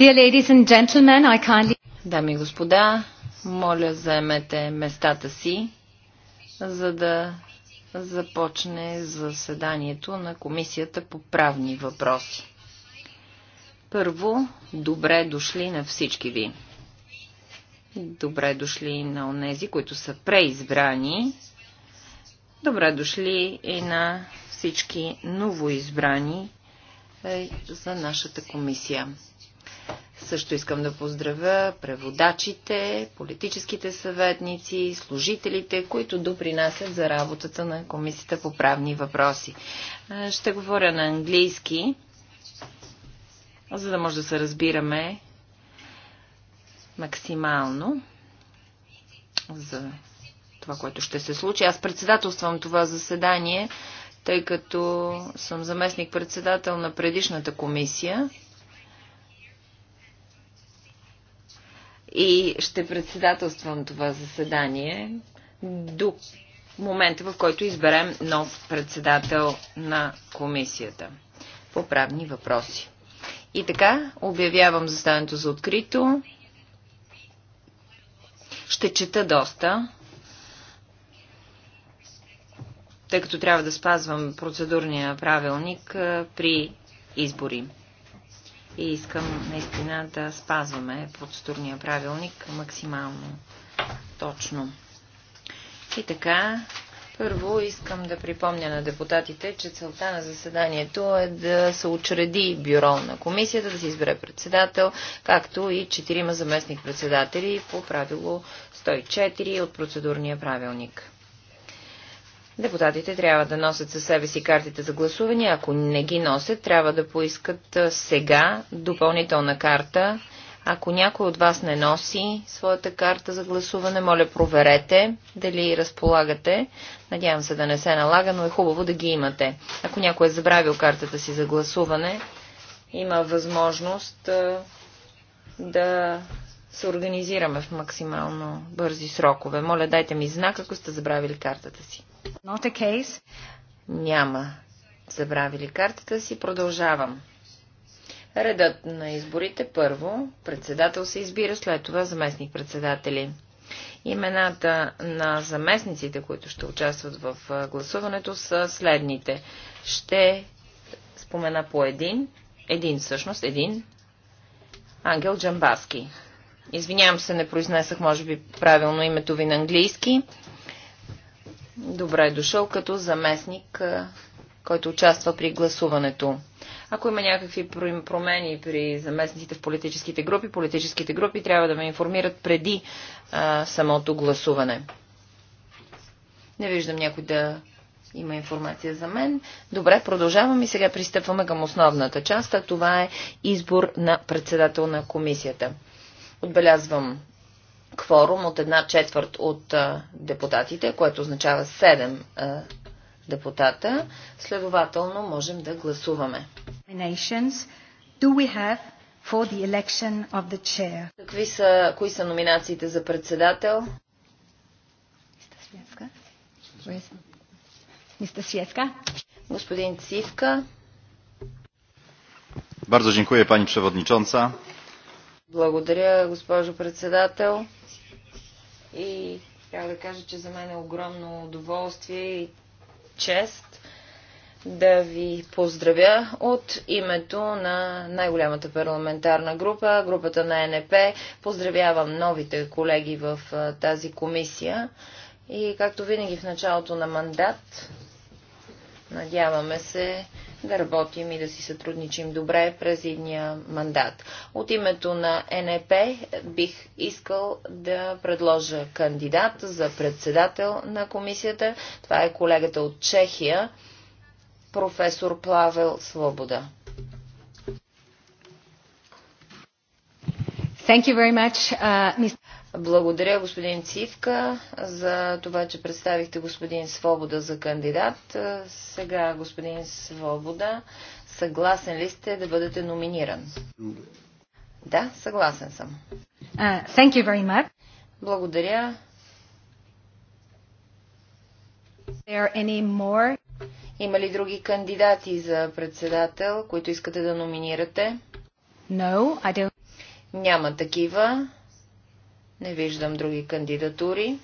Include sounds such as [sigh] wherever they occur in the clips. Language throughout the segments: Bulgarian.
Dear ladies and gentlemen, I kindly... Дами и господа, моля заемете местата си, за да започне заседанието на Комисията по правни въпроси. Първо, добре дошли на всички ви. Добре дошли на онези, които са преизбрани. Добре дошли и на всички новоизбрани е, за нашата комисия. Също искам да поздравя преводачите, политическите съветници, служителите, които допринасят за работата на Комисията по правни въпроси. Ще говоря на английски, за да може да се разбираме максимално за това, което ще се случи. Аз председателствам това заседание, тъй като съм заместник-председател на предишната комисия и ще председателствам това заседание до момента, в който изберем нов председател на комисията по правни въпроси. И така, обявявам заседанието за открито. Ще чета доста, тъй като трябва да спазвам процедурния правилник при избори и искам наистина да спазваме процедурния правилник максимално точно. И така, първо искам да припомня на депутатите, че целта на заседанието е да се учреди бюро на комисията, да се избере председател, както и четирима заместник председатели по правило 104 от процедурния правилник. Депутатите трябва да носят със себе си картите за гласуване. Ако не ги носят, трябва да поискат сега допълнителна карта. Ако някой от вас не носи своята карта за гласуване, моля проверете дали разполагате. Надявам се да не се налага, но е хубаво да ги имате. Ако някой е забравил картата си за гласуване, има възможност да се организираме в максимално бързи срокове. Моля, дайте ми знак, ако сте забравили картата си. Not a case. Няма. Забравили картата си, продължавам. Редът на изборите първо, председател се избира, след това заместник председатели. Имената на заместниците, които ще участват в гласуването, са следните. Ще спомена по един, един всъщност, един, Ангел Джамбаски. Извинявам се, не произнесах, може би, правилно името ви на английски. Добре е дошъл като заместник, който участва при гласуването. Ако има някакви промени при заместниците в политическите групи, политическите групи трябва да ме информират преди а, самото гласуване. Не виждам някой да има информация за мен. Добре, продължавам и сега пристъпваме към основната част, а това е избор на председател на комисията. Отбелязвам кворум от една четвърт от а, депутатите, което означава 7 а, депутата. Следователно можем да гласуваме. Do we have for the the election of chair? Какви са, кои са номинациите за председател? Mr. Свиевка. Господин Цивка. Бързо дякую, пани przewodnicząca. Благодаря, госпожо председател и трябва да кажа, че за мен е огромно удоволствие и чест да ви поздравя от името на най-голямата парламентарна група, групата на НП. Поздравявам новите колеги в тази комисия и както винаги в началото на мандат Надяваме се да работим и да си сътрудничим добре през едния мандат. От името на НЕП бих искал да предложа кандидат за председател на комисията. Това е колегата от Чехия, професор Плавел Свобода. Thank you very much, uh, Mr. Благодаря, господин Цивка, за това, че представихте господин Свобода за кандидат. Сега, господин Свобода, съгласен ли сте да бъдете номиниран? Да, съгласен съм. Uh, thank you very much. Благодаря. There any more? Има ли други кандидати за председател, които искате да номинирате? No, I don't. Няма такива. Не виждам други кандидатури.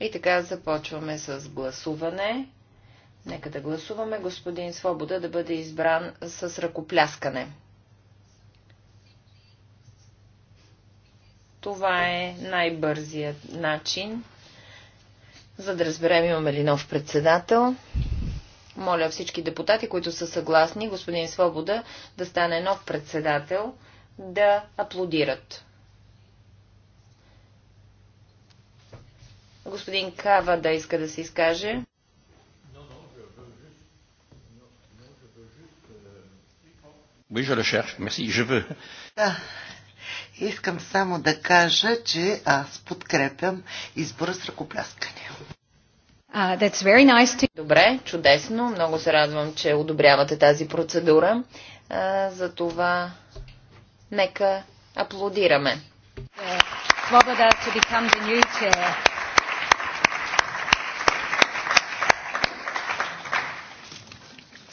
И така започваме с гласуване. Нека да гласуваме господин Свобода да бъде избран с ръкопляскане. Това е най-бързият начин, за да разберем имаме ли нов председател. Моля всички депутати, които са съгласни, господин Свобода да стане нов председател, да аплодират. Господин Кава да иска да се изкаже. Oui, je le cherche. Merci, je veux. Да. Искам само да кажа, че аз подкрепям избора с ръкопляскане. Uh, that's very nice to... Добре, чудесно. Много се радвам, че одобрявате тази процедура. Uh, за това нека аплодираме. Yeah. Е,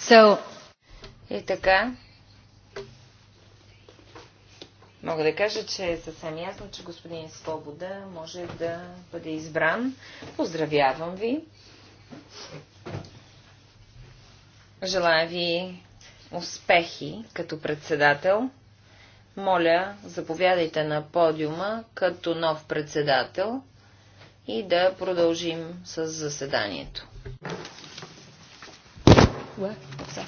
So... И така, Мога да кажа, че е съвсем ясно, че господин Свобода може да бъде избран. Поздравявам ви. Желая ви успехи като председател. Моля, заповядайте на подиума като нов председател и да продължим с заседанието pour ça.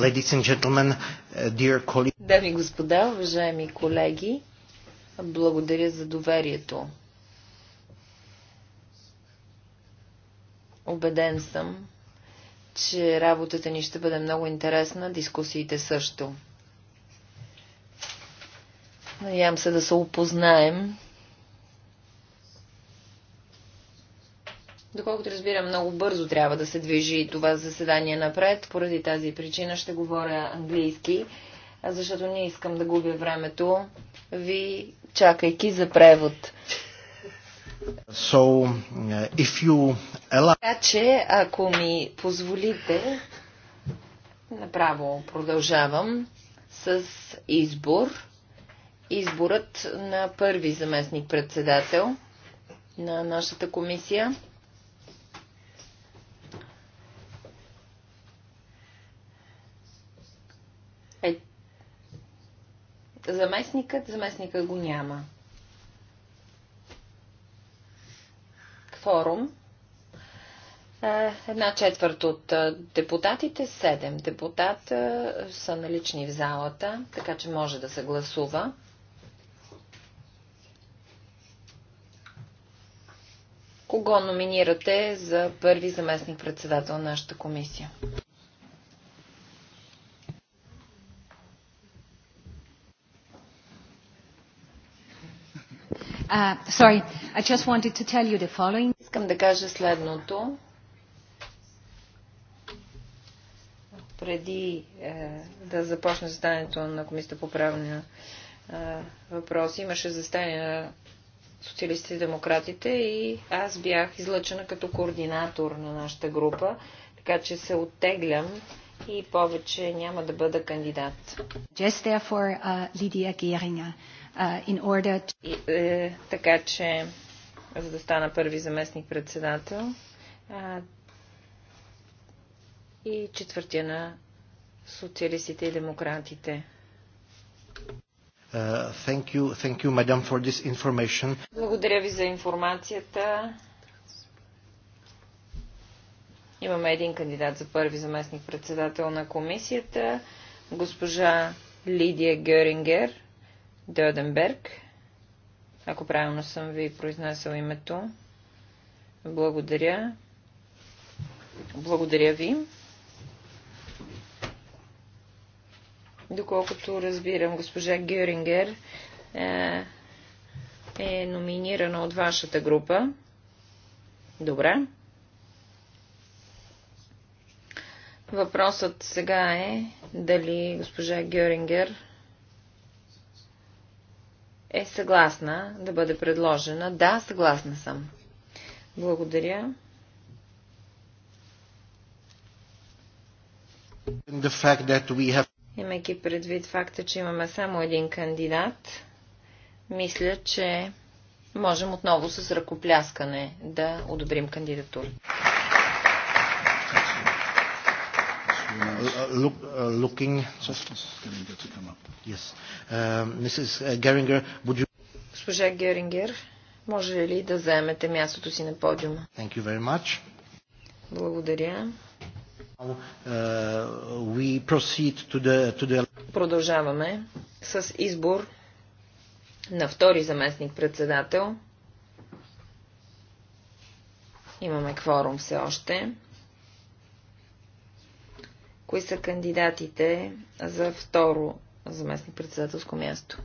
Ladies and gentlemen, uh, dear colleagues. Дами и господа, уважаеми колеги, благодаря за доверието. Обеден съм, че работата ни ще бъде много интересна, дискусиите също. Надявам се да се опознаем Доколкото разбирам, много бързо трябва да се движи това заседание напред. Поради тази причина ще говоря английски, защото не искам да губя времето ви, чакайки за превод. So, if you allow... Така че, ако ми позволите, направо продължавам с избор. Изборът на първи заместник председател на нашата комисия. заместникът, заместника го няма. Кворум. Е, една четвърт от е, депутатите, седем депутата е, са налични в залата, така че може да се гласува. Кого номинирате за първи заместник председател на нашата комисия? sorry, I just wanted to tell you the following. Искам да кажа следното. Преди е, да започне заседанието на Комисията по правни е, въпроси, имаше заседание на социалистите и демократите и аз бях излъчена като координатор на нашата група, така че се оттеглям и повече няма да бъда кандидат. Just therefore, uh, Lydia Geringer in order to... И, е, така че, за да стана първи заместник председател и четвъртия на социалистите и демократите. Uh, thank you, thank you, madam, for this information. Благодаря ви за информацията. Имаме един кандидат за първи заместник председател на комисията, госпожа Лидия Герингер. Дъденберг, ако правилно съм ви произнесъл името. Благодаря. Благодаря ви. Доколкото разбирам, госпожа Гюрингер е, е номинирана от вашата група. Добре. Въпросът сега е дали госпожа Гюрингер е съгласна да бъде предложена. Да, съгласна съм. Благодаря. Have... Имайки предвид факта, че имаме само един кандидат, мисля, че можем отново с ръкопляскане да одобрим кандидатурата. Uh, look, uh, looking. Just, to come up. Yes. Uh, Mrs. Uh, Geringer, would you... Госпожа Герингер, може ли да заемете мястото си на подиума? Thank you very much. Благодаря. uh, we proceed to the, to the... Продължаваме с избор на втори заместник-председател. Имаме кворум все още кои са кандидатите за второ заместно председателско място.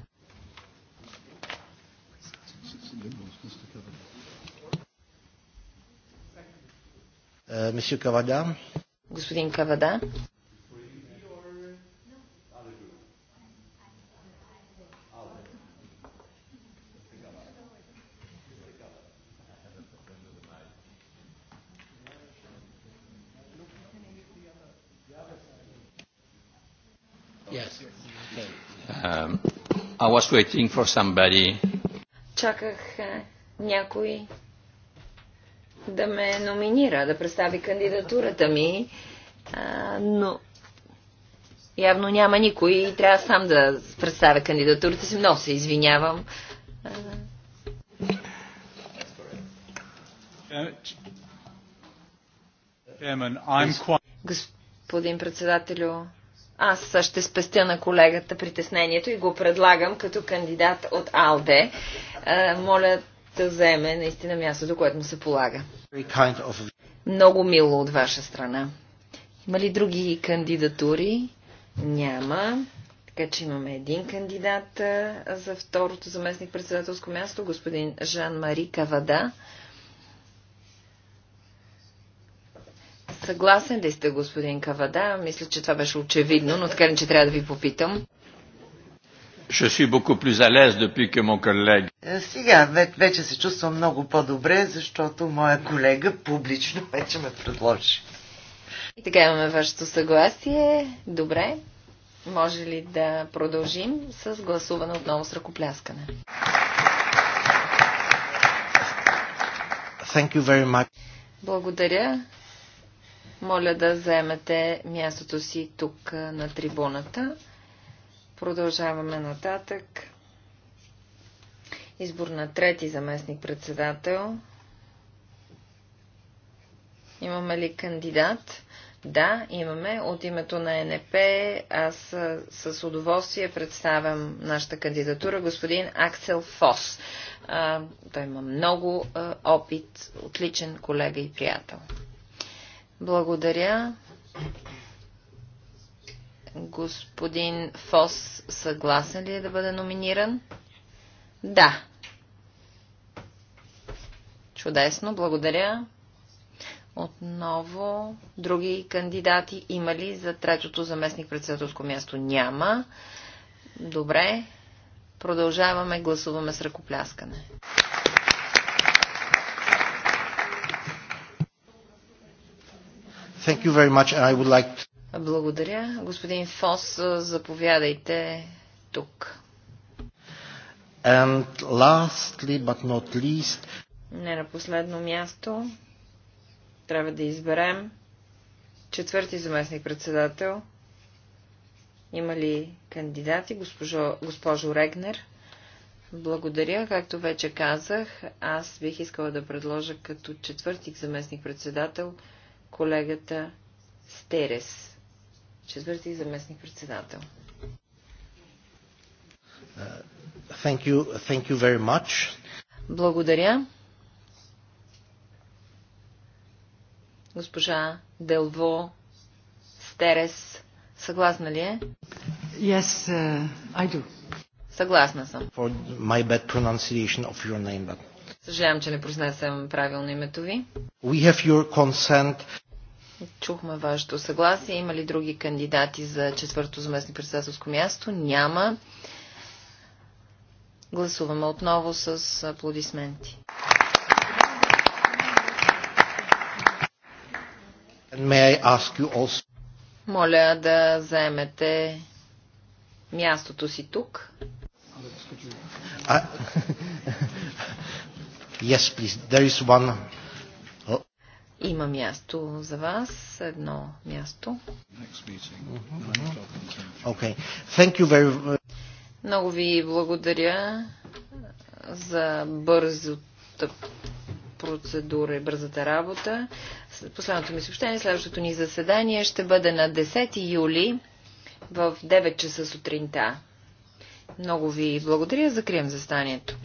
Е, Господин Кавада. Um, I was waiting for somebody. Чаках е, някой да ме номинира, да представи кандидатурата ми, а, но явно няма никой и трябва сам да представя кандидатурата си. Много се извинявам. Господин председателю, аз ще спестя на колегата притеснението и го предлагам като кандидат от АЛДЕ. Е, моля да вземе наистина мястото, което му се полага. Много мило от ваша страна. Има ли други кандидатури? Няма. Така че имаме един кандидат е, за второто заместник председателско място, господин Жан-Мари Кавада. Съгласен ли сте, господин Кавада? Мисля, че това беше очевидно, но така не, че трябва да ви попитам? Je suis beaucoup plus à l'aise depuis que mon collègue. Е, сега вече се чувствам много по-добре, защото моя колега публично вече ме предложи. И така имаме вашето съгласие. Добре. Може ли да продължим с гласуване отново с ръкопляскане? Thank you very much. Благодаря. Моля да заемете мястото си тук на трибуната. Продължаваме нататък. Избор на трети заместник председател. Имаме ли кандидат? Да, имаме. От името на НП аз с удоволствие представям нашата кандидатура господин Аксел Фос. А, той има много а, опит, отличен колега и приятел. Благодаря. Господин Фос, съгласен ли е да бъде номиниран? Да. Чудесно, благодаря. Отново, други кандидати има ли за третото заместник председателско място? Няма. Добре. Продължаваме, гласуваме с ръкопляскане. Thank you very much. I would like to... Благодаря. Господин Фос, заповядайте тук. And lastly, but not least... Не на последно място, трябва да изберем четвърти заместник-председател. Има ли кандидати, госпожо, госпожо Регнер? Благодаря. Както вече казах, аз бих искала да предложа като четвъртик заместник-председател колегата Стерес, четвърти заместник председател. Uh, thank you, thank you very much. Благодаря. Госпожа Делво Стерес, съгласна ли е? Yes, uh, I do. Съгласна съм. For my bad pronunciation of your name, but... Съжалявам, че не произнесем правилно името ви. We have your consent. Чухме вашето съгласие. Има ли други кандидати за четвърто заместник председателско място? Няма. Гласуваме отново с аплодисменти. Моля да заемете мястото си тук. [laughs] yes, please. There is one има място за вас, едно място. Okay. Thank you very... Много ви благодаря за бързата процедура и бързата работа. Последното ми съобщение, следващото ни заседание ще бъде на 10 юли в 9 часа сутринта. Много ви благодаря. Закрием застанието.